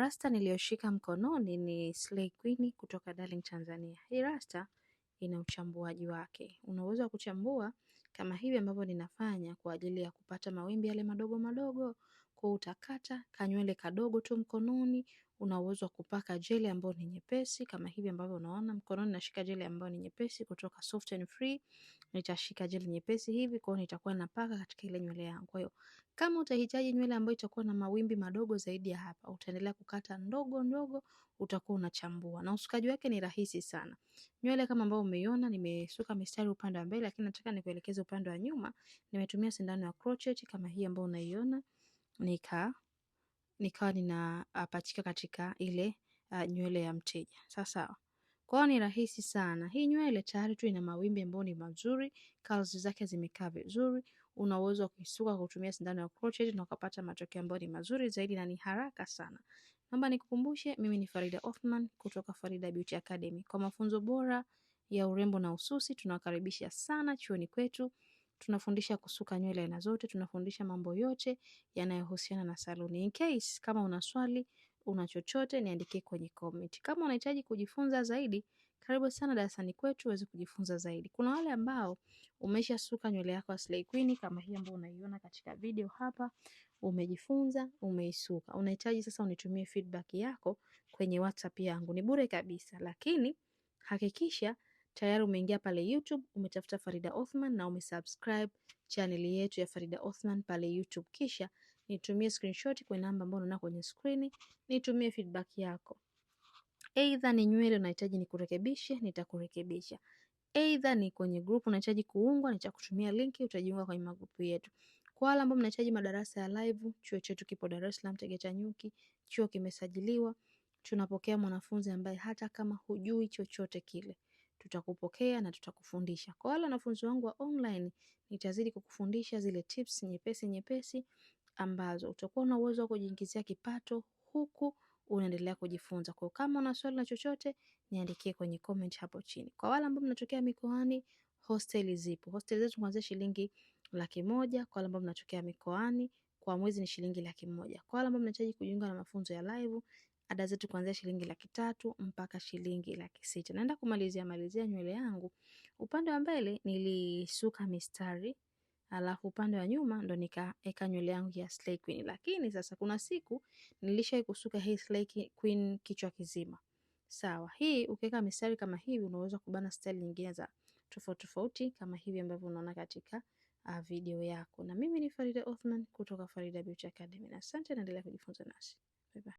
Rasta niliyoshika mkononi ni Slay Queen kutoka Darling Tanzania. Hii rasta ina uchambuaji wake, wa kuchambua kama hivi ambavyo ninafanya kwa ajili ya kupata mawimbi yale madogo madogo, kwa utakata kanywele kadogo tu mkononi Una uwezo wa kupaka jeli ambayo ni nyepesi kama hivi ambavyo unaona mkononi, nashika jeli ambayo ni nyepesi kutoka Soft and Free. Nitashika jeli nyepesi hivi, kwa hiyo nitakuwa napaka katika ile nywele yangu. Kwa hiyo kama utahitaji nywele ambayo itakuwa na mawimbi madogo zaidi ya hapa, utaendelea kukata ndogo ndogo, utakuwa unachambua, na usukaji wake ni rahisi sana. Nywele kama ambavyo umeiona, nimesuka mistari upande wa mbele, lakini nataka nikuelekeze upande wa nyuma. Nimetumia sindano ya crochet kama hii ambayo unaiona nika nikawa ninapachika katika ile uh, nywele ya mteja sawa Kwao ni rahisi sana. Hii nywele tayari tu ina mawimbi ambayo ni mazuri, curls zake zimekaa vizuri. Una uwezo wa kuisuka kutumia sindano ya crochet na ukapata matokeo ambayo ni mazuri zaidi na ni haraka sana. Naomba nikukumbushe, mimi ni Farida Othman kutoka Farida Beauty Academy. Kwa mafunzo bora ya urembo na ususi tunawakaribisha sana chuoni kwetu tunafundisha kusuka nywele aina zote, tunafundisha mambo yote yanayohusiana na saluni. In case kama una swali, una chochote, niandikie kwenye comment. Kama unahitaji kujifunza zaidi, karibu sana darasani kwetu uweze kujifunza zaidi. Kuna wale ambao umeshasuka nywele yako Slay Queen kama hii ambayo unaiona katika video hapa, umejifunza, umeisuka. Unahitaji sasa unitumie feedback yako kwenye WhatsApp yangu. Ni bure kabisa, lakini hakikisha Tayari umeingia pale YouTube, umetafuta Farida Othman na umesubscribe channel yetu ya Farida Othman pale YouTube. Kisha nitumie screenshot kwa namba ambayo unaona kwenye screen, nitumie feedback yako. Aidha ni nywele unahitaji nikurekebishe, nitakurekebisha. Aidha ni kwenye group unahitaji kuungwa, nitakutumia linki, utajiunga kwenye magrupu yetu. Kwa wale ambao mnahitaji madarasa ya live, chuo chetu kipo Dar es Salaam Tegeta Nyuki, chuo kimesajiliwa. Tunapokea mwanafunzi ambaye hata kama hujui chochote kile tutakupokea na tutakufundisha. Kwa wale wanafunzi wangu wa online, nitazidi kukufundisha zile tips nyepesi nyepesi ambazo utakuwa na uwezo wa kujiingizia kipato huku unaendelea kujifunza. Kwa kama una swali na chochote, niandikie kwenye comment hapo chini. Kwa wale ambao mnatokea mikoani, hosteli zipo. Hosteli zetu kuanzia shilingi laki moja kwa wale ambao mnatokea mikoani, kwa mwezi ni shilingi laki moja. Kwa wale ambao mnahitaji kujiunga na mafunzo ya live ada zetu kuanzia shilingi laki tatu mpaka shilingi laki sita. Naenda kumalizia malizia nywele yangu, upande wa mbele nilisuka mistari alafu upande wa nyuma ndo nikaeka nywele yangu ya Slay Queen. Lakini sasa kuna siku nilishai kusuka hii Slay Queen kichwa kizima. Sawa, hii ukiweka mistari kama hivi unaweza kubana style nyingine za tofauti tofauti kama hivi ambavyo unaona katika uh, video yako. Na mimi ni Farida Othman kutoka Farida Beauty Academy. Asante, na endelea kujifunza nasi.